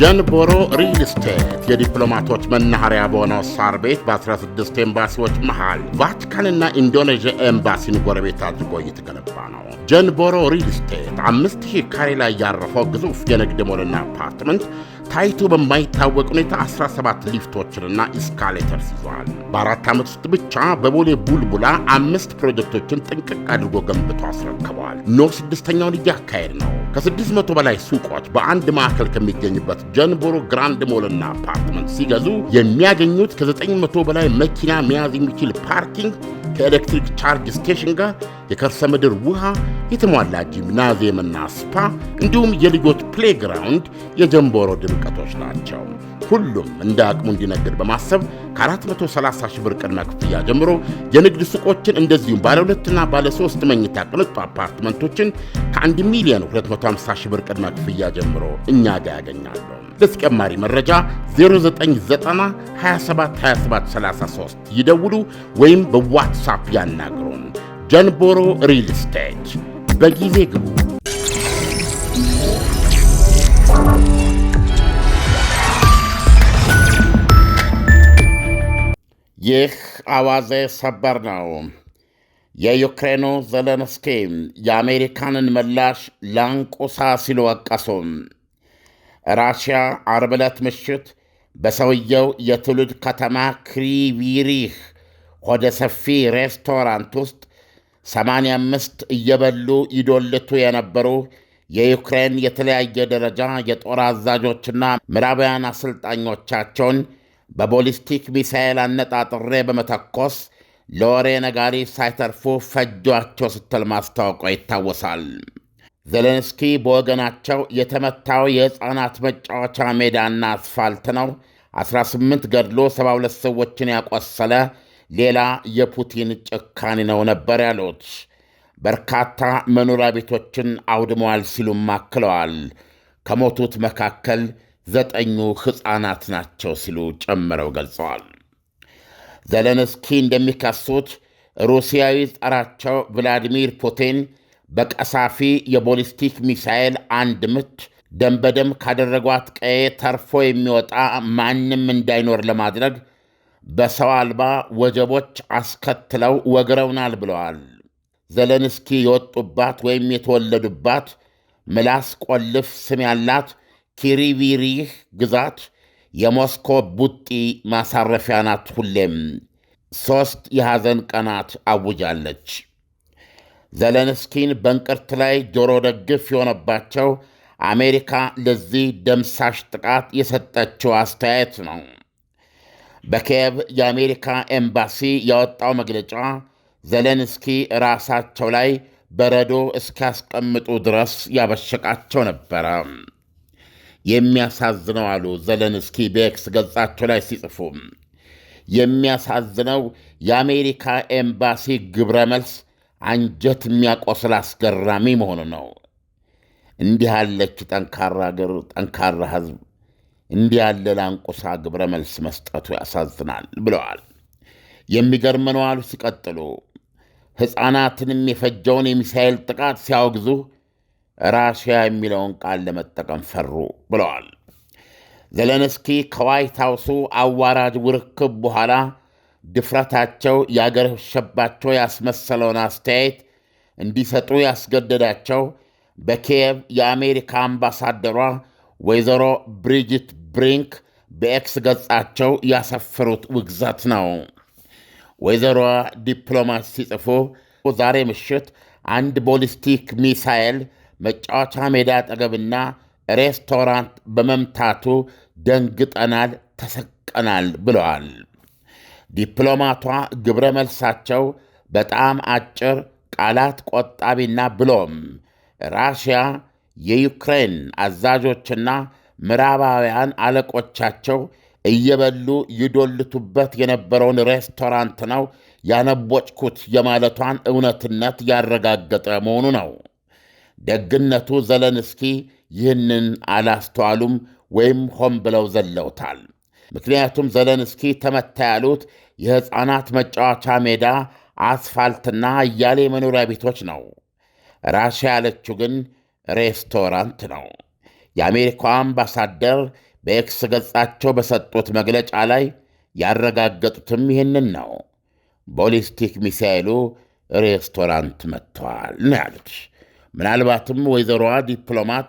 ጀንቦሮ ሪል ስቴት የዲፕሎማቶች መናኸሪያ በሆነው ሳር ቤት በ16 ኤምባሲዎች መሃል ቫቲካንና ኢንዶኔዥያ ኤምባሲን ጎረቤት አድርጎ እየተገነባ ነው። ጀንቦሮ ሪል ስቴት 5000 ካሬ ላይ ያረፈው ግዙፍ የንግድ ሞልና አፓርትመንት ታይቶ በማይታወቅ ሁኔታ 17 ሊፍቶችንና ኢስካሌተርስ ይዘዋል። በአራት ዓመት ውስጥ ብቻ በቦሌ ቡልቡላ አምስት ፕሮጀክቶችን ጥንቅቅ አድርጎ ገንብቶ አስረክበዋል። ኖ ስድስተኛውን እያካሄድ ነው። ከ600 በላይ ሱቆች በአንድ ማዕከል ከሚገኝበት ጀንቦሮ ግራንድ ሞልና አፓርትመንት ሲገዙ የሚያገኙት ከ900 በላይ መኪና መያዝ የሚችል ፓርኪንግ ከኤሌክትሪክ ቻርጅ ስቴሽን ጋር የከርሰ ምድር ውሃ፣ የተሟላ ጂምናዚየምና ስፓ እንዲሁም የልጆች ፕሌግራውንድ የጀንቦሮ ድምቀቶች ናቸው። ሁሉም እንደ አቅሙ እንዲነግድ በማሰብ ከ430 ሺህ ብር ቅድመ ክፍያ ጀምሮ የንግድ ሱቆችን እንደዚሁም ባለ ሁለትና ባለ ሶስት መኝታ ቅንጡ አፓርትመንቶችን ከ1 ሚሊዮን 250 ሺህ ብር ቅድመ ክፍያ ጀምሮ እኛ ጋር ያገኛሉ። ለተጨማሪ መረጃ 0990272733 ይደውሉ ወይም በዋትሳፕ ያናግሩን። ጀንቦሮ ሪል ስቴት በጊዜ ግቡ። ይህ አዋዜ ሰበር ነው። የዩክሬኑ ዘለንስኪ የአሜሪካንን ምላሽ ላንቁሳ ሲሉ ወቀሱ። ራሽያ ዓርብ ዕለት ምሽት በሰውየው የትውልድ ከተማ ክሪቪሪህ ወደ ሰፊ ሬስቶራንት ውስጥ 85 እየበሉ ይዶልቱ የነበሩ የዩክሬን የተለያየ ደረጃ የጦር አዛዦችና ምዕራባውያን አሰልጣኞቻቸውን በቦሊስቲክ ሚሳኤል አነጣጥሬ በመተኮስ ለወሬ ነጋሪ ሳይተርፉ ፈጇቸው ስትል ማስታወቋ ይታወሳል። ዜሌንስኪ በወገናቸው የተመታው የሕፃናት መጫወቻ ሜዳና አስፋልት ነው፣ 18 ገድሎ 72 ሰዎችን ያቆሰለ ሌላ የፑቲን ጭካኔ ነው ነበር ያሉት። በርካታ መኖሪያ ቤቶችን አውድመዋል ሲሉም አክለዋል። ከሞቱት መካከል ዘጠኙ ሕፃናት ናቸው ሲሉ ጨምረው ገልጸዋል። ዘለንስኪ እንደሚከሱት ሩሲያዊ ጸራቸው ቭላዲሚር ፑቲን በቀሳፊ የቦሊስቲክ ሚሳኤል አንድ ምት ደም በደም ካደረጓት ቀዬ ተርፎ የሚወጣ ማንም እንዳይኖር ለማድረግ በሰው አልባ ወጀቦች አስከትለው ወግረውናል ብለዋል። ዘለንስኪ የወጡባት ወይም የተወለዱባት ምላስ ቆልፍ ስም ያላት ኪሪቪሪህ ግዛት የሞስኮ ቡጢ ማሳረፊያ ናት። ሁሌም ሦስት የሐዘን ቀናት አውጃለች። ዘለንስኪን በእንቅርት ላይ ጆሮ ደግፍ የሆነባቸው አሜሪካ ለዚህ ደምሳሽ ጥቃት የሰጠችው አስተያየት ነው። በኪየቭ የአሜሪካ ኤምባሲ ያወጣው መግለጫ ዘለንስኪ ራሳቸው ላይ በረዶ እስኪያስቀምጡ ድረስ ያበሸቃቸው ነበረ። የሚያሳዝነው አሉ ዘለንስኪ በኤክስ ገጻቸው ላይ ሲጽፉ የሚያሳዝነው የአሜሪካ ኤምባሲ ግብረ መልስ አንጀት የሚያቆስል አስገራሚ መሆኑ ነው። እንዲህ ያለች ጠንካራ አገር፣ ጠንካራ ሕዝብ እንዲህ ያለ ላንቁሳ ግብረ መልስ መስጠቱ ያሳዝናል ብለዋል። የሚገርም ነው አሉ ሲቀጥሉ ሕፃናትን የሚፈጀውን የሚሳኤል ጥቃት ሲያወግዙ ራሽያ የሚለውን ቃል ለመጠቀም ፈሩ ብለዋል። ዘለንስኪ ከዋይት ሃውሱ አዋራጅ ውርክብ በኋላ ድፍረታቸው ያገረሸባቸው ያስመሰለውን አስተያየት እንዲሰጡ ያስገደዳቸው በኪየቭ የአሜሪካ አምባሳደሯ ወይዘሮ ብሪጅት ብሪንክ በኤክስ ገጻቸው ያሰፈሩት ውግዘት ነው። ወይዘሮዋ ዲፕሎማት ሲጽፉ ዛሬ ምሽት አንድ ቦሊስቲክ ሚሳኤል መጫወቻ ሜዳ አጠገብና ሬስቶራንት በመምታቱ ደንግጠናል፣ ተሰቀናል ብለዋል። ዲፕሎማቷ ግብረ መልሳቸው በጣም አጭር፣ ቃላት ቆጣቢና ብሎም ራሽያ የዩክሬን አዛዦችና ምዕራባውያን አለቆቻቸው እየበሉ ይዶልቱበት የነበረውን ሬስቶራንት ነው ያነቦጭኩት የማለቷን እውነትነት ያረጋገጠ መሆኑ ነው። ደግነቱ ዘለንስኪ ይህንን አላስተዋሉም ወይም ሆን ብለው ዘለውታል። ምክንያቱም ዘለንስኪ ተመታ ያሉት የሕፃናት መጫወቻ ሜዳ፣ አስፋልትና እያሌ መኖሪያ ቤቶች ነው። ራሽያ ያለችው ግን ሬስቶራንት ነው። የአሜሪካው አምባሳደር በኤክስ ገጻቸው በሰጡት መግለጫ ላይ ያረጋገጡትም ይህንን ነው። ቦሊስቲክ ሚሳይሉ ሬስቶራንት መጥተዋል ነው ያሉት። ምናልባትም ወይዘሮዋ ዲፕሎማት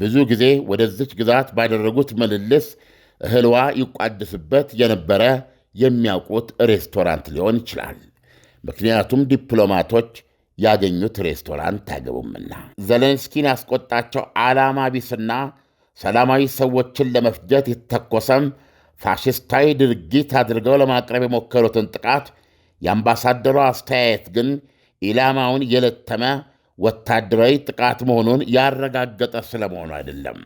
ብዙ ጊዜ ወደዚች ግዛት ባደረጉት ምልልስ እህልዋ ይቋድስበት የነበረ የሚያውቁት ሬስቶራንት ሊሆን ይችላል። ምክንያቱም ዲፕሎማቶች ያገኙት ሬስቶራንት አይገቡምና። ዘሌንስኪን ያስቆጣቸው ዓላማ ቢስና ሰላማዊ ሰዎችን ለመፍጀት የተተኮሰም ፋሽስታዊ ድርጊት አድርገው ለማቅረብ የሞከሩትን ጥቃት የአምባሳደሯ አስተያየት ግን ኢላማውን የለተመ ወታደራዊ ጥቃት መሆኑን ያረጋገጠ ስለመሆኑ አይደለም።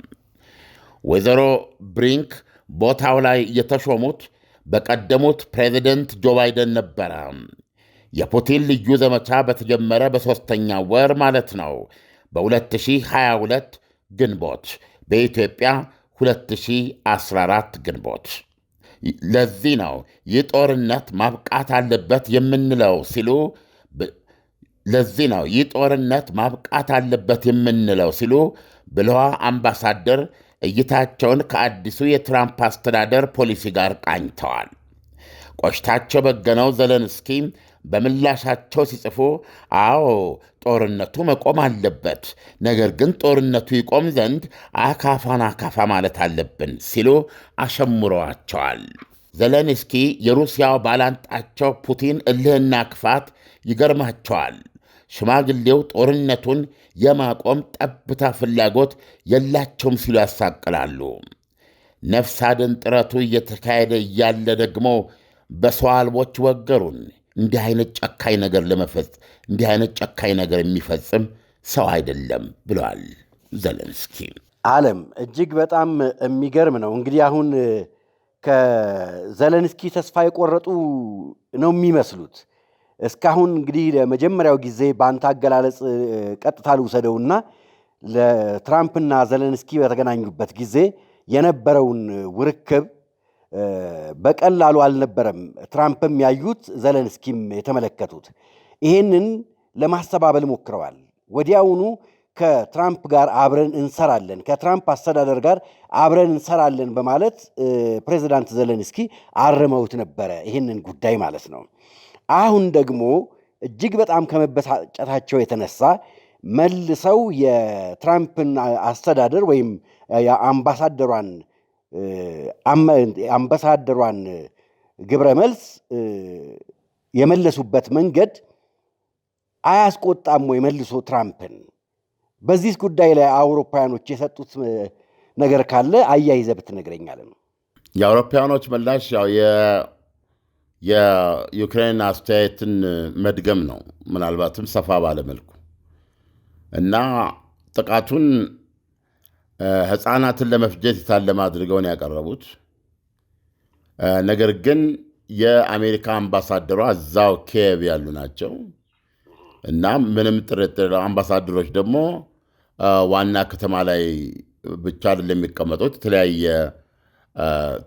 ወይዘሮ ብሪንክ ቦታው ላይ የተሾሙት በቀደሙት ፕሬዚደንት ጆ ባይደን ነበረ። የፑቲን ልዩ ዘመቻ በተጀመረ በሦስተኛ ወር ማለት ነው፣ በ2022 ግንቦት በኢትዮጵያ 2014 ግንቦት። ለዚህ ነው ይህ ጦርነት ማብቃት አለበት የምንለው ሲሉ ለዚህ ነው ይህ ጦርነት ማብቃት አለበት የምንለው ሲሉ ብለዋ አምባሳደር እይታቸውን ከአዲሱ የትራምፕ አስተዳደር ፖሊሲ ጋር ቃኝተዋል። ቆሽታቸው በገነው ዘለንስኪ በምላሻቸው ሲጽፉ አዎ ጦርነቱ መቆም አለበት፣ ነገር ግን ጦርነቱ ይቆም ዘንድ አካፋን አካፋ ማለት አለብን ሲሉ አሸምረዋቸዋል። ዘለንስኪ የሩሲያው ባላንጣቸው ፑቲን እልህና ክፋት ይገርማቸዋል። ሽማግሌው ጦርነቱን የማቆም ጠብታ ፍላጎት የላቸውም ሲሉ ያሳቅላሉ። ነፍስ አድን ጥረቱ እየተካሄደ እያለ ደግሞ በሰው አልቦች ወገሩን። እንዲህ አይነት ጨካኝ ነገር ለመፈጽ እንዲህ አይነት ጨካኝ ነገር የሚፈጽም ሰው አይደለም ብለዋል ዘለንስኪ። ዓለም እጅግ በጣም የሚገርም ነው። እንግዲህ አሁን ከዘለንስኪ ተስፋ የቆረጡ ነው የሚመስሉት እስካሁን እንግዲህ ለመጀመሪያው ጊዜ በአንተ አገላለጽ ቀጥታ ልውሰደውና ለትራምፕና ዘለንስኪ በተገናኙበት ጊዜ የነበረውን ውርክብ በቀላሉ አልነበረም። ትራምፕም ያዩት ዘለንስኪም የተመለከቱት ይህንን ለማስተባበል ሞክረዋል። ወዲያውኑ ከትራምፕ ጋር አብረን እንሰራለን፣ ከትራምፕ አስተዳደር ጋር አብረን እንሰራለን በማለት ፕሬዚዳንት ዘለንስኪ አርመውት ነበረ። ይህንን ጉዳይ ማለት ነው። አሁን ደግሞ እጅግ በጣም ከመበሳጨታቸው የተነሳ መልሰው የትራምፕን አስተዳደር ወይም የአምባሳደሯን አምባሳደሯን ግብረ መልስ የመለሱበት መንገድ አያስቆጣም ወይ? መልሶ ትራምፕን በዚህ ጉዳይ ላይ አውሮፓውያኖች የሰጡት ነገር ካለ አያይዘህ ብትነግረኛለን። የአውሮፓውያኖች ምላሽ ያው የዩክሬን አስተያየትን መድገም ነው፣ ምናልባትም ሰፋ ባለመልኩ እና ጥቃቱን ሕፃናትን ለመፍጀት የታለመ አድርገውን ያቀረቡት ነገር ግን የአሜሪካ አምባሳደሯ እዛው ኪየቭ ያሉ ናቸው እና ምንም ጥርጥር አምባሳደሮች ደግሞ ዋና ከተማ ላይ ብቻ አይደለም የሚቀመጡት የተለያየ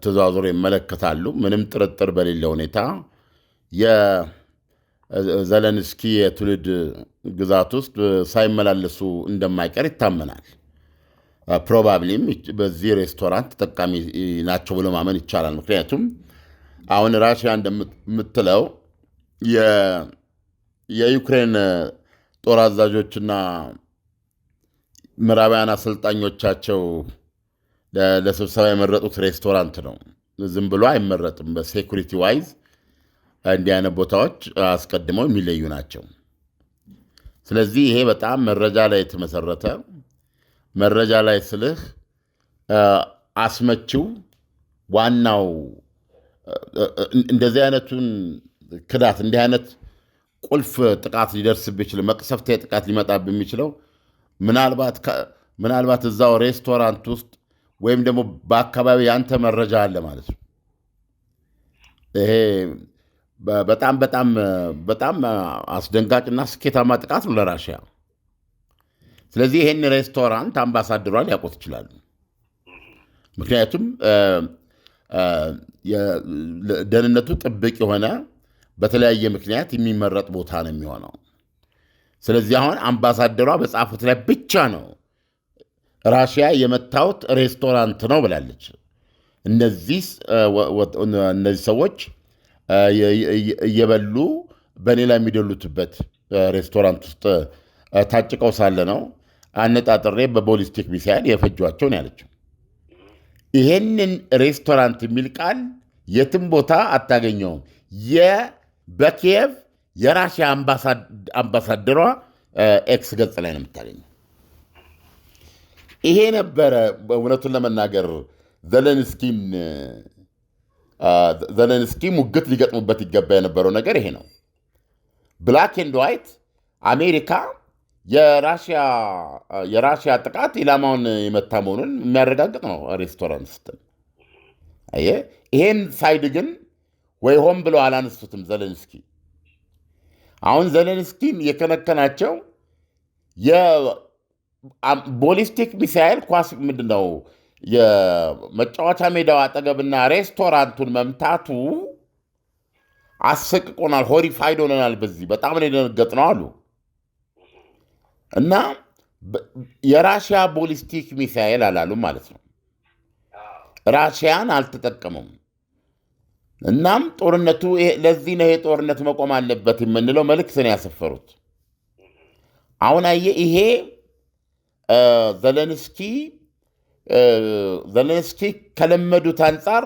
ተዘዋውረው ይመለከታሉ። ምንም ጥርጥር በሌለ ሁኔታ የዘለንስኪ የትውልድ ግዛት ውስጥ ሳይመላለሱ እንደማይቀር ይታመናል። ፕሮባብሊም በዚህ ሬስቶራንት ተጠቃሚ ናቸው ብሎ ማመን ይቻላል። ምክንያቱም አሁን ራሽያ እንደምትለው የዩክሬን ጦር አዛዦችና ምዕራባውያን አሰልጣኞቻቸው ለስብሰባ የመረጡት ሬስቶራንት ነው። ዝም ብሎ አይመረጥም። በሴኩሪቲ ዋይዝ እንዲህ አይነት ቦታዎች አስቀድመው የሚለዩ ናቸው። ስለዚህ ይሄ በጣም መረጃ ላይ የተመሰረተ መረጃ ላይ ስልህ አስመችው ዋናው እንደዚህ አይነቱን ክዳት እንዲህ አይነት ቁልፍ ጥቃት ሊደርስብ ይችል መቅሰፍታ ጥቃት ሊመጣብ የሚችለው ምናልባት እዛው ሬስቶራንት ውስጥ ወይም ደግሞ በአካባቢ ያንተ መረጃ አለ ማለት ነው። ይሄ በጣም በጣም በጣም አስደንጋጭና ስኬታማ ጥቃት ነው ለራሽያ። ስለዚህ ይህን ሬስቶራንት አምባሳደሯ ሊያውቁት ይችላሉ። ምክንያቱም ደህንነቱ ጥብቅ የሆነ በተለያየ ምክንያት የሚመረጥ ቦታ ነው የሚሆነው። ስለዚህ አሁን አምባሳደሯ በጻፉት ላይ ብቻ ነው ራሽያ የመታውት ሬስቶራንት ነው ብላለች። እነዚህ ሰዎች እየበሉ በእኔ ላይ የሚደሉትበት ሬስቶራንት ውስጥ ታጭቀው ሳለ ነው አነጣጥሬ በቦሊስቲክ ሚሳይል የፈጇቸው ነው ያለችው። ይሄንን ሬስቶራንት የሚል ቃል የትም ቦታ አታገኘውም። በኪየቭ የራሽያ አምባሳደሯ ኤክስ ገጽ ላይ ነው የምታገኘው። ይሄ ነበረ እውነቱን ለመናገር ዘለንስኪን ዘለንስኪ ሙግት ሊገጥሙበት ይገባ የነበረው ነገር ይሄ ነው። ብላክ ኤንድ ዋይት አሜሪካ የራሽያ ጥቃት ኢላማውን የመታ መሆኑን የሚያረጋግጥ ነው። ሬስቶራንት ስትል ይሄን ሳይድ ግን ወይ ሆን ብሎ አላነሱትም። ዘለንስኪ አሁን ዘለንስኪን የከነከናቸው ቦሊስቲክ ሚሳይል ኳስ ምንድን ነው የመጫወቻ ሜዳው አጠገብና ሬስቶራንቱን መምታቱ አስሰቅቆናል፣ ሆሪፋይድ ሆነናል። በዚህ በጣም ነው የደነገጥ ነው አሉ እና የራሽያ ቦሊስቲክ ሚሳይል አላሉ ማለት ነው። ራሽያን አልተጠቀሙም። እናም ጦርነቱ ለዚህ ነው ይሄ ጦርነት መቆም አለበት የምንለው መልእክት ነው ያሰፈሩት። አሁን አየህ ይሄ ዘለንስኪ ዘለንስኪ ከለመዱት አንጻር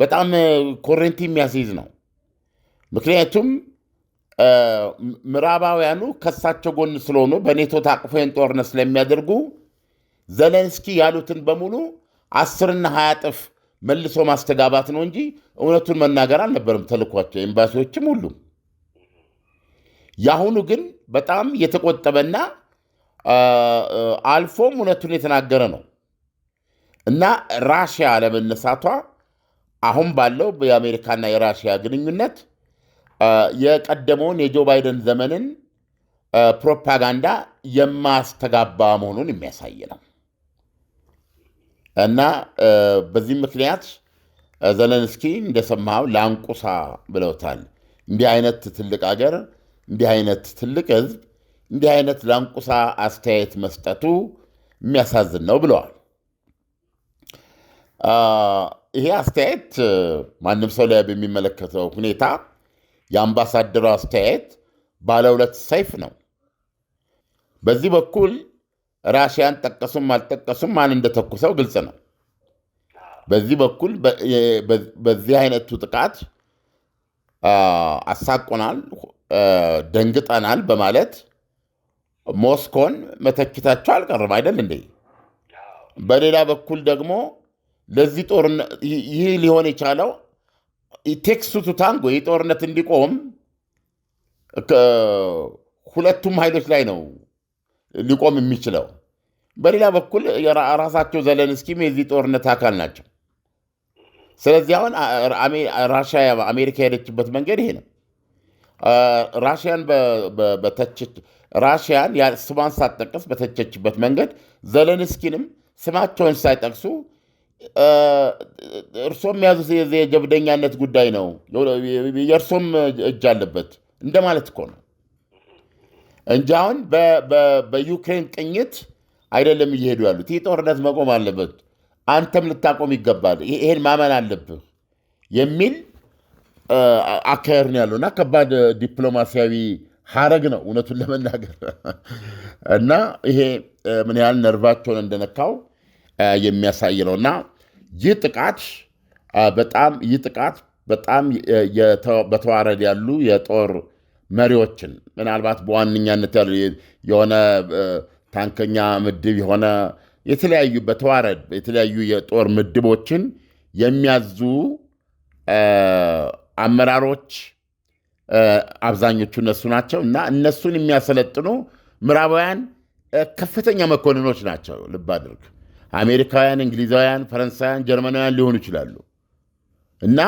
በጣም ኮረንቲ የሚያስይዝ ነው። ምክንያቱም ምዕራባውያኑ ከሳቸው ጎን ስለሆኑ በኔቶ ታቅፎን ጦርነት ስለሚያደርጉ ዘለንስኪ ያሉትን በሙሉ አስርና ሀያ ጥፍ መልሶ ማስተጋባት ነው እንጂ እውነቱን መናገር አልነበርም ተልኳቸው ኤምባሲዎችም ሁሉም። የአሁኑ ግን በጣም የተቆጠበና አልፎም እውነቱን የተናገረ ነው እና ራሽያ አለመነሳቷ አሁን ባለው የአሜሪካና የራሽያ ግንኙነት የቀደመውን የጆ ባይደን ዘመንን ፕሮፓጋንዳ የማስተጋባ መሆኑን የሚያሳይ ነው እና በዚህ ምክንያት ዘለንስኪ እንደሰማው ላንቁሳ ብለውታል። እንዲህ አይነት ትልቅ አገር፣ እንዲህ አይነት ትልቅ ህዝብ እንዲህ አይነት ላንቁሳ አስተያየት መስጠቱ የሚያሳዝን ነው ብለዋል። ይሄ አስተያየት ማንም ሰው ላይ በሚመለከተው ሁኔታ የአምባሳደሩ አስተያየት ባለ ሁለት ሰይፍ ነው። በዚህ በኩል ራሽያን ጠቀሱም አልጠቀሱም ማን እንደተኩሰው ግልጽ ነው። በዚህ በኩል በዚህ አይነቱ ጥቃት አሳቆናል፣ ደንግጠናል በማለት ሞስኮን መተኪታቸው አልቀርም አይደል እንዴ? በሌላ በኩል ደግሞ ለዚህ ጦርነት ይህ ሊሆን የቻለው ቴክስቱ ቱ ታንጎ ይህ ጦርነት እንዲቆም ሁለቱም ኃይሎች ላይ ነው ሊቆም የሚችለው። በሌላ በኩል ራሳቸው ዘለንስኪም የዚህ ጦርነት አካል ናቸው። ስለዚህ አሁን ራሽያ አሜሪካ የሄደችበት መንገድ ይሄ ነው። ራሽያን ራሽያን ስሟን ሳትጠቀስ በተቸችበት መንገድ ዘለንስኪንም ስማቸውን ሳይጠቅሱ እርሶም የያዙት የጀብደኛነት ጉዳይ ነው፣ የእርሶም እጅ አለበት እንደማለት እኮ ነው እንጂ አሁን በዩክሬን ቅኝት አይደለም እየሄዱ ያሉት። ይህ ጦርነት መቆም አለበት፣ አንተም ልታቆም ይገባል፣ ይሄን ማመን አለብህ የሚል አካሄድ ነው ያለው እና ከባድ ዲፕሎማሲያዊ ሀረግ ነው እውነቱን ለመናገር እና ይሄ ምን ያህል ነርቫቸውን እንደነካው የሚያሳይ ነው እና ይህ ጥቃት በጣም ይህ ጥቃት በጣም በተዋረድ ያሉ የጦር መሪዎችን ምናልባት በዋነኛነት ያሉ የሆነ ታንከኛ ምድብ የሆነ የተለያዩ በተዋረድ የተለያዩ የጦር ምድቦችን የሚያዙ አመራሮች አብዛኞቹ እነሱ ናቸው እና እነሱን የሚያሰለጥኑ ምዕራባውያን ከፍተኛ መኮንኖች ናቸው። ልብ አድርግ። አሜሪካውያን፣ እንግሊዛውያን፣ ፈረንሳውያን፣ ጀርመናውያን ሊሆኑ ይችላሉ እና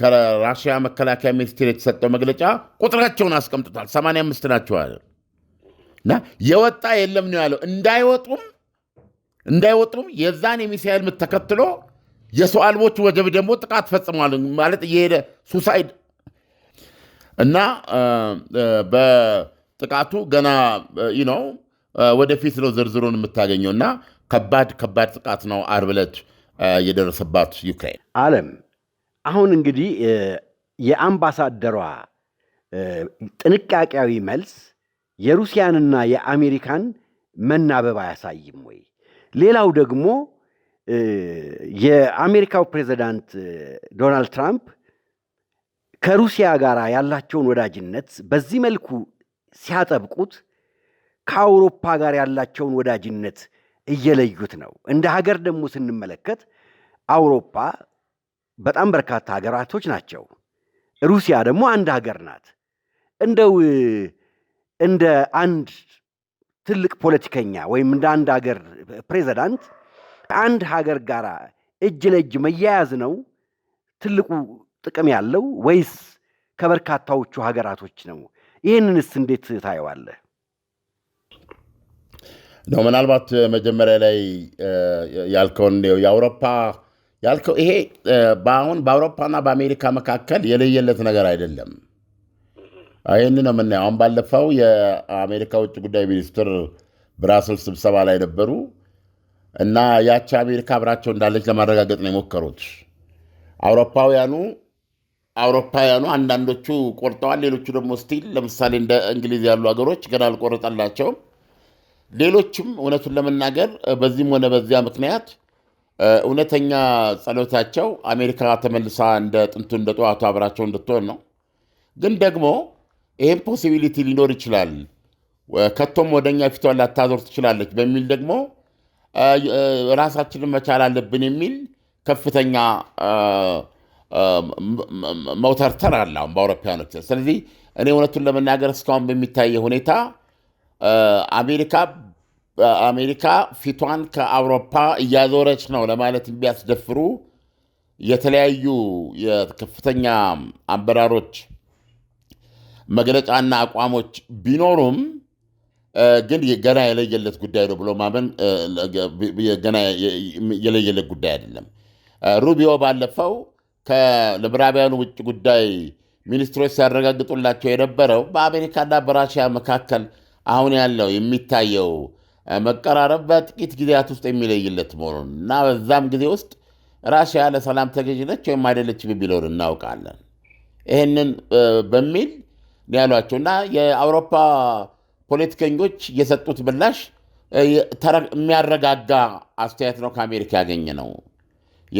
ከራሽያ መከላከያ ሚኒስቴር የተሰጠው መግለጫ ቁጥራቸውን አስቀምጡታል። 85 ናቸው አለ እና የወጣ የለም ነው ያለው። እንዳይወጡም እንዳይወጡም የዛን የሚሳኤል ምት ተከትሎ የሰው አልቦች ወጀብ ደግሞ ጥቃት ፈጽሟል ማለት እየሄደ ሱሳይድ እና በጥቃቱ ገና ነው ወደፊት ነው ዝርዝሩን የምታገኘው እና ከባድ ከባድ ጥቃት ነው ዓርብ ዕለት የደረሰባት ዩክሬን። አለም አሁን እንግዲህ የአምባሳደሯ ጥንቃቄያዊ መልስ የሩሲያንና የአሜሪካን መናበብ አያሳይም ወይ? ሌላው ደግሞ የአሜሪካው ፕሬዚዳንት ዶናልድ ትራምፕ ከሩሲያ ጋር ያላቸውን ወዳጅነት በዚህ መልኩ ሲያጠብቁት ከአውሮፓ ጋር ያላቸውን ወዳጅነት እየለዩት ነው። እንደ ሀገር ደግሞ ስንመለከት አውሮፓ በጣም በርካታ ሀገራቶች ናቸው። ሩሲያ ደግሞ አንድ ሀገር ናት። እንደው እንደ አንድ ትልቅ ፖለቲከኛ ወይም እንደ አንድ ሀገር ፕሬዚዳንት ከአንድ ሀገር ጋር እጅ ለእጅ መያያዝ ነው ትልቁ ጥቅም ያለው ወይስ ከበርካታዎቹ ሀገራቶች ነው? ይህንንስ እንዴት ታየዋለህ? ነው ምናልባት መጀመሪያ ላይ ያልከውን የአውሮፓ ያልከው ይሄ በአሁን በአውሮፓና በአሜሪካ መካከል የለየለት ነገር አይደለም። ይህን ነው የምናየው። አሁን ባለፈው የአሜሪካ ውጭ ጉዳይ ሚኒስትር ብራስልስ ስብሰባ ላይ ነበሩ እና ያቺ አሜሪካ አብራቸው እንዳለች ለማረጋገጥ ነው የሞከሩት። አውሮፓውያኑ አውሮፓውያኑ አንዳንዶቹ ቆርጠዋል፣ ሌሎቹ ደግሞ ስቲል ለምሳሌ እንደ እንግሊዝ ያሉ ሀገሮች ገና አልቆረጠላቸውም። ሌሎችም እውነቱን ለመናገር በዚህም ሆነ በዚያ ምክንያት እውነተኛ ጸሎታቸው አሜሪካ ተመልሳ እንደ ጥንቱ እንደ ጠዋቱ አብራቸው እንድትሆን ነው። ግን ደግሞ ይህም ፖሲቢሊቲ ሊኖር ይችላል። ከቶም ወደኛ ፊቷን ላታዞር ትችላለች በሚል ደግሞ ራሳችንን መቻል አለብን የሚል ከፍተኛ መውተርተር አለ አሁን በአውሮፓውያኖች። ስለዚህ እኔ እውነቱን ለመናገር እስካሁን በሚታየ ሁኔታ አሜሪካ አሜሪካ ፊቷን ከአውሮፓ እያዞረች ነው ለማለት ቢያስደፍሩ የተለያዩ የከፍተኛ አመራሮች መግለጫና አቋሞች ቢኖሩም ግን ገና የለየለት ጉዳይ ነው ብሎ ማመን ገና የለየለት ጉዳይ አይደለም። ሩቢዮ ባለፈው ከልብራቢያኑ ውጭ ጉዳይ ሚኒስትሮች ሲያረጋግጡላቸው የነበረው በአሜሪካና በራሽያ መካከል አሁን ያለው የሚታየው መቀራረብ በጥቂት ጊዜያት ውስጥ የሚለይለት መሆኑን እና በዛም ጊዜ ውስጥ ራሽያ ለሰላም ተገዥ ነች ወይም አይደለችም የሚለውን እናውቃለን። ይህንን በሚል ያሏቸው እና የአውሮፓ ፖለቲከኞች የሰጡት ምላሽ የሚያረጋጋ አስተያየት ነው፣ ከአሜሪካ ያገኘ ነው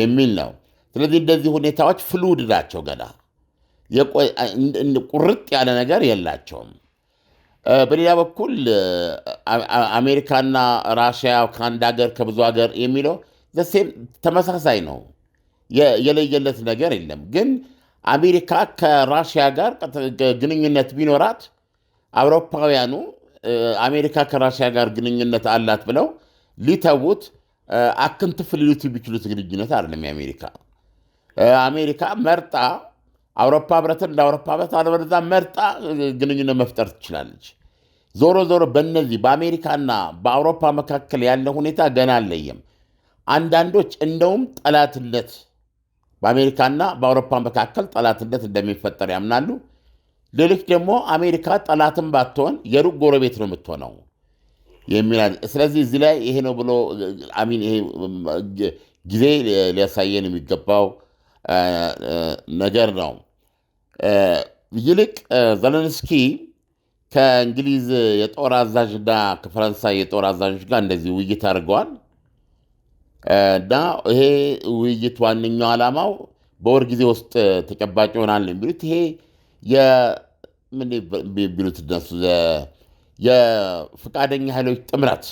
የሚል ነው። ስለዚህ እንደዚህ ሁኔታዎች ፍሉድ ናቸው። ገና ቁርጥ ያለ ነገር የላቸውም። በሌላ በኩል አሜሪካና ራሽያ ከአንድ ሀገር ከብዙ ሀገር የሚለው ተመሳሳይ ነው። የለየለት ነገር የለም። ግን አሜሪካ ከራሽያ ጋር ግንኙነት ቢኖራት አውሮፓውያኑ አሜሪካ ከራሽያ ጋር ግንኙነት አላት ብለው ሊተዉት አክንትፍ ሊሉት የሚችሉት ግንኙነት አይደለም የአሜሪካ አሜሪካ መርጣ አውሮፓ ህብረትን እንደ አውሮፓ ህብረት አለበለዚያ መርጣ ግንኙነት መፍጠር ትችላለች። ዞሮ ዞሮ በእነዚህ በአሜሪካና በአውሮፓ መካከል ያለ ሁኔታ ገና አለየም። አንዳንዶች እንደውም ጠላትነት በአሜሪካና በአውሮፓ መካከል ጠላትነት እንደሚፈጠር ያምናሉ። ሌሎች ደግሞ አሜሪካ ጠላትን ባትሆን የሩቅ ጎረቤት ነው የምትሆነው የሚላል። ስለዚህ እዚህ ላይ ይሄ ነው ብሎ ጊዜ ሊያሳየን የሚገባው ነገር ነው። ይልቅ ዘለንስኪ ከእንግሊዝ የጦር አዛዥ ከፈረንሳይ የጦር አዛዦች ጋር እንደዚህ ውይይት አድርገዋል እና ይሄ ውይይት ዋነኛው ዓላማው በወር ጊዜ ውስጥ ተጨባጭ ይሆናል የሚሉት ይሄ ምን የሚሉት እነሱ ኃይሎች ጥምረት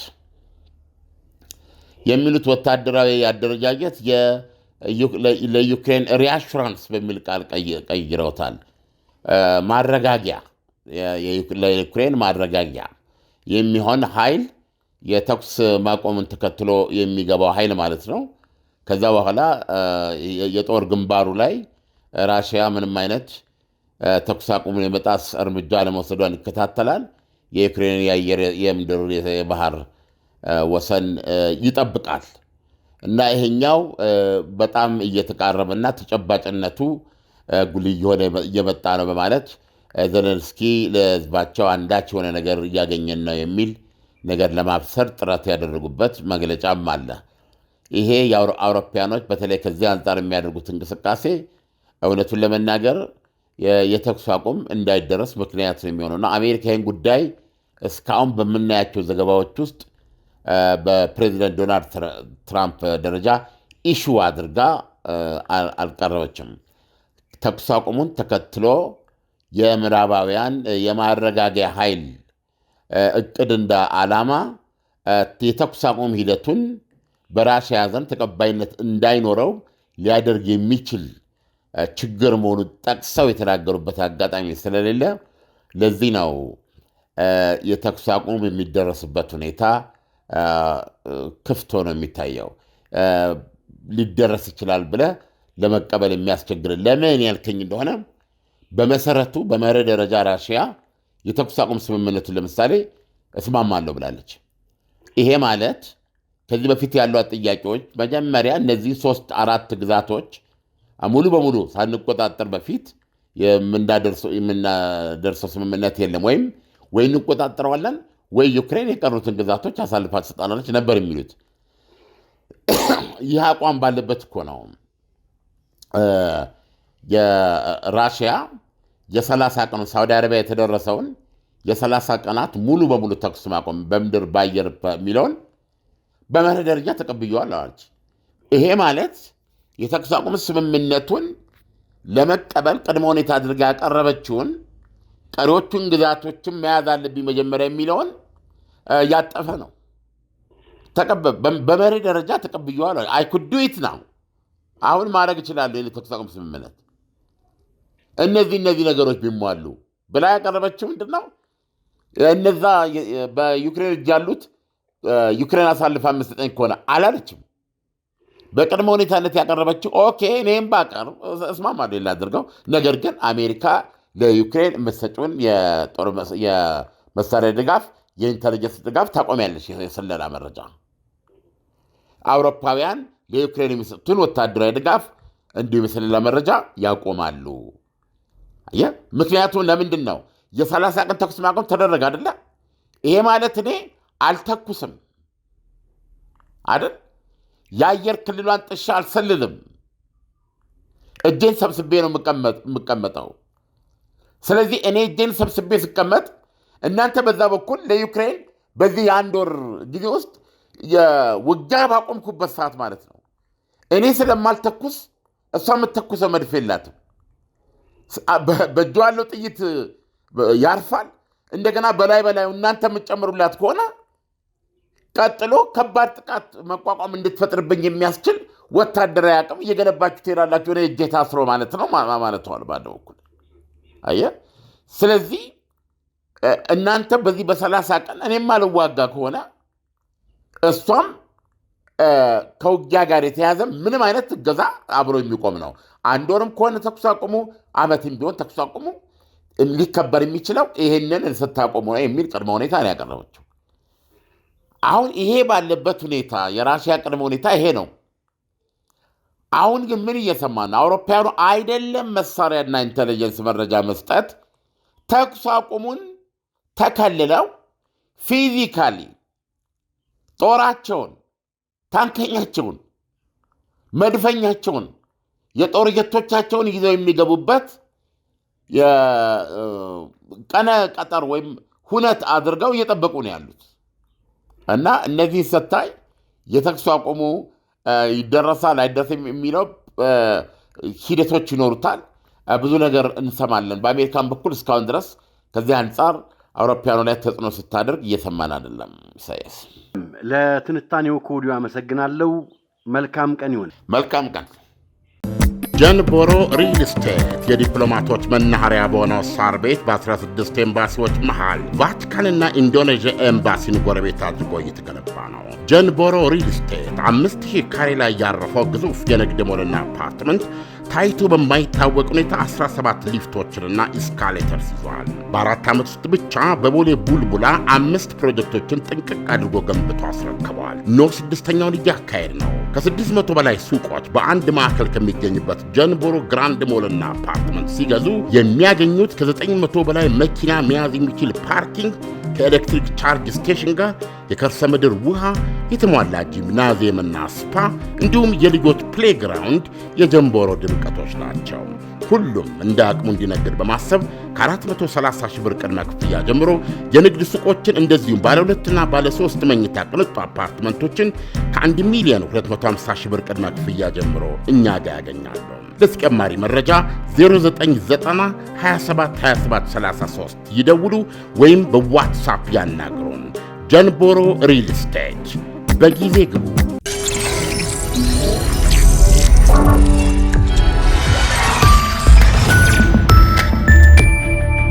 የሚሉት ወታደራዊ አደረጃጀት ለዩክሬን ሪአሹራንስ በሚል ቃል ቀይረውታል። ማረጋጊያ ለዩክሬን ማረጋጊያ የሚሆን ኃይል የተኩስ ማቆምን ተከትሎ የሚገባው ኃይል ማለት ነው። ከዛ በኋላ የጦር ግንባሩ ላይ ራሽያ ምንም አይነት ተኩስ አቁሙን የመጣስ እርምጃ ለመውሰዷን ይከታተላል። የዩክሬን የአየር፣ የምድር፣ የባህር ወሰን ይጠብቃል። እና ይሄኛው በጣም እየተቃረበና ተጨባጭነቱ ጉልህ የሆነ እየመጣ ነው በማለት ዘለንስኪ ለህዝባቸው አንዳች የሆነ ነገር እያገኘን ነው የሚል ነገር ለማብሰር ጥረት ያደረጉበት መግለጫም አለ። ይሄ የአውሮፓያኖች በተለይ ከዚህ አንጻር የሚያደርጉት እንቅስቃሴ እውነቱን ለመናገር የተኩስ አቁም እንዳይደረስ ምክንያት ነው የሚሆነውና አሜሪካ ይህን ጉዳይ እስካሁን በምናያቸው ዘገባዎች ውስጥ በፕሬዚደንት ዶናልድ ትራምፕ ደረጃ ኢሹ አድርጋ አልቀረበችም። ተኩስ አቁሙን ተከትሎ የምዕራባውያን የማረጋጊያ ኃይል እቅድ እንደ ዓላማ የተኩስ አቁም ሂደቱን በራሽያ ዘንድ ተቀባይነት እንዳይኖረው ሊያደርግ የሚችል ችግር መሆኑን ጠቅሰው የተናገሩበት አጋጣሚ ስለሌለ ለዚህ ነው የተኩስ አቁም የሚደረስበት ሁኔታ ክፍት ሆኖ የሚታየው ሊደረስ ይችላል ብለ ለመቀበል የሚያስቸግር ለምን ያልከኝ እንደሆነ በመሰረቱ በመርህ ደረጃ ራሽያ የተኩስ አቁም ስምምነቱን ለምሳሌ እስማማለሁ ብላለች። ይሄ ማለት ከዚህ በፊት ያሏት ጥያቄዎች መጀመሪያ እነዚህ ሶስት አራት ግዛቶች ሙሉ በሙሉ ሳንቆጣጠር በፊት የምናደርሰው ስምምነት የለም ወይም ወይ እንቆጣጠረዋለን ወይ ዩክሬን የቀሩትን ግዛቶች አሳልፋ ትሰጣናለች ነበር የሚሉት። ይህ አቋም ባለበት እኮ ነው የራሽያ የሰላሳ ቀኑ ሳውዲ አረቢያ የተደረሰውን የሰላሳ ቀናት ሙሉ በሙሉ ተኩስ ማቆም በምድር ባየር የሚለውን በመርህ ደረጃ ተቀብየዋል አለች። ይሄ ማለት የተኩስ አቁም ስምምነቱን ለመቀበል ቅድመ ሁኔታ አድርጋ ያቀረበችውን ቀሪዎቹን ግዛቶችን መያዝ አለብኝ መጀመሪያ የሚለውን ያጠፈ ነው። በመሪ ደረጃ ተቀብየዋል። አይ ኩዱት ነው አሁን ማድረግ እችላለሁ የተኩስ አቁም ስምምነት እነዚህ እነዚህ ነገሮች ቢሟሉ ብላ ያቀረበችው ምንድን ነው? እነዛ በዩክሬን እጅ ያሉት ዩክሬን አሳልፋ የምትሰጠኝ ከሆነ አላለችም። በቅድመ ሁኔታነት ያቀረበችው ኦኬ፣ እኔም ባቀርብ እስማማለሁ ላደርገው፣ ነገር ግን አሜሪካ ለዩክሬን የምትሰጭውን የጦር መሳሪያ ድጋፍ የኢንተልጀንስ ድጋፍ ታቆሚያለሽ። የስለላ መረጃ አውሮፓውያን ለዩክሬን የሚሰጡትን ወታደራዊ ድጋፍ እንዲሁም የስለላ መረጃ ያቆማሉ። ምክንያቱም ለምንድን ነው የሰላሳ ቀን ተኩስ ማቆም ተደረገ አደለ? ይሄ ማለት እኔ አልተኩስም አይደል? የአየር ክልሏን ጥሻ አልሰልልም። እጄን ሰብስቤ ነው የምቀመጠው። ስለዚህ እኔ እጄን ሰብስቤ ስቀመጥ እናንተ በዛ በኩል ለዩክሬን በዚህ የአንድ ወር ጊዜ ውስጥ የውጊያ ባቆምኩበት ሰዓት ማለት ነው እኔ ስለማልተኩስ እሷ የምትተኩሰ መድፍ የላትም። በእጇ ያለው ጥይት ያርፋል። እንደገና በላይ በላይ እናንተ የምትጨምሩላት ከሆነ ቀጥሎ ከባድ ጥቃት መቋቋም እንድትፈጥርብኝ የሚያስችል ወታደራዊ አቅም እየገነባችሁ ትሄዳላችሁ። እጄ ታስሮ ማለት ነው ማለት በኩል አየህ። ስለዚህ እናንተ በዚህ በሰላሳ ቀን እኔም አልዋጋ ከሆነ እሷም ከውጊያ ጋር የተያዘ ምንም አይነት እገዛ አብሮ የሚቆም ነው። አንድ ወርም ከሆነ ተኩስ አቁሙ፣ አመትም ቢሆን ተኩስ አቁሙ ሊከበር የሚችለው ይህንን ስታቆሙ ነው የሚል ቅድመ ሁኔታ ነው ያቀረበችው። አሁን ይሄ ባለበት ሁኔታ የራሽያ ቅድመ ሁኔታ ይሄ ነው። አሁን ግን ምን እየሰማ ነው? አውሮፓውያኑ አይደለም መሳሪያና ኢንቴሊጀንስ መረጃ መስጠት ተኩስ አቁሙን ተከልለው ፊዚካሊ ጦራቸውን፣ ታንከኛቸውን፣ መድፈኛቸውን፣ የጦር ጀቶቻቸውን ይዘው የሚገቡበት ቀነ ቀጠር ወይም ሁነት አድርገው እየጠበቁ ነው ያሉት እና እነዚህ ስታይ የተኩስ አቁሙ ይደረሳል አይደረስም የሚለው ሂደቶች ይኖሩታል። ብዙ ነገር እንሰማለን። በአሜሪካን በኩል እስካሁን ድረስ ከዚህ አንጻር አውሮፓውያኑ ላይ ተጽዕኖ ስታደርግ እየሰማን አይደለም። ኢሳያስ ለትንታኔው ከወዲሁ አመሰግናለሁ። መልካም ቀን ይሆን። መልካም ቀን። ጀንቦሮ ሪል ስቴት የዲፕሎማቶች መናኸሪያ በሆነው ሳር ቤት በ16 ኤምባሲዎች መሃል ቫቲካንና ኢንዶኔዥያ ኤምባሲን ጎረቤት አድርጎ እየተገነባ ነው። ጀንቦሮ ሪል ስቴት አምስት ሺህ ካሬ ላይ ያረፈው ግዙፍ የንግድ ሞልና አፓርትመንት ታይቶ በማይታወቅ ሁኔታ 17 ሊፍቶችንና ኢስካሌተርስ ይዟል። በአራት ዓመት ውስጥ ብቻ በቦሌ ቡልቡላ አምስት ፕሮጀክቶችን ጥንቅቅ አድርጎ ገንብቶ አስረክበዋል። ኖ ስድስተኛውን እያካሄድ ነው። ከ600 በላይ ሱቆች በአንድ ማዕከል ከሚገኝበት ጀንቦሮ ግራንድ ሞልና አፓርትመንት ሲገዙ የሚያገኙት ከ900 በላይ መኪና መያዝ የሚችል ፓርኪንግ ከኤሌክትሪክ ቻርጅ ስቴሽን ጋር የከርሰ ምድር ውሃ፣ የተሟላ ጂምናዚየምና ስፓ እንዲሁም የልጆች ፕሌግራውንድ የጀንቦሮ ድምቀቶች ናቸው። ሁሉም እንደ አቅሙ እንዲነግድ በማሰብ ከ430 ሺህ ብር ቅድመ ክፍያ ጀምሮ የንግድ ሱቆችን እንደዚሁም ባለ ሁለትና ባለ ሶስት መኝታ ቅንጡ አፓርትመንቶችን ከ1 ሚሊዮን 250 ሺህ ብር ቅድመ ክፍያ ጀምሮ እኛ ጋር ያገኛሉ። ለተጨማሪ መረጃ 0990272733 ይደውሉ ወይም በዋትሳፕ ያናግሩን። ጀንቦሮ ሪል ስቴት በጊዜ ግቡ።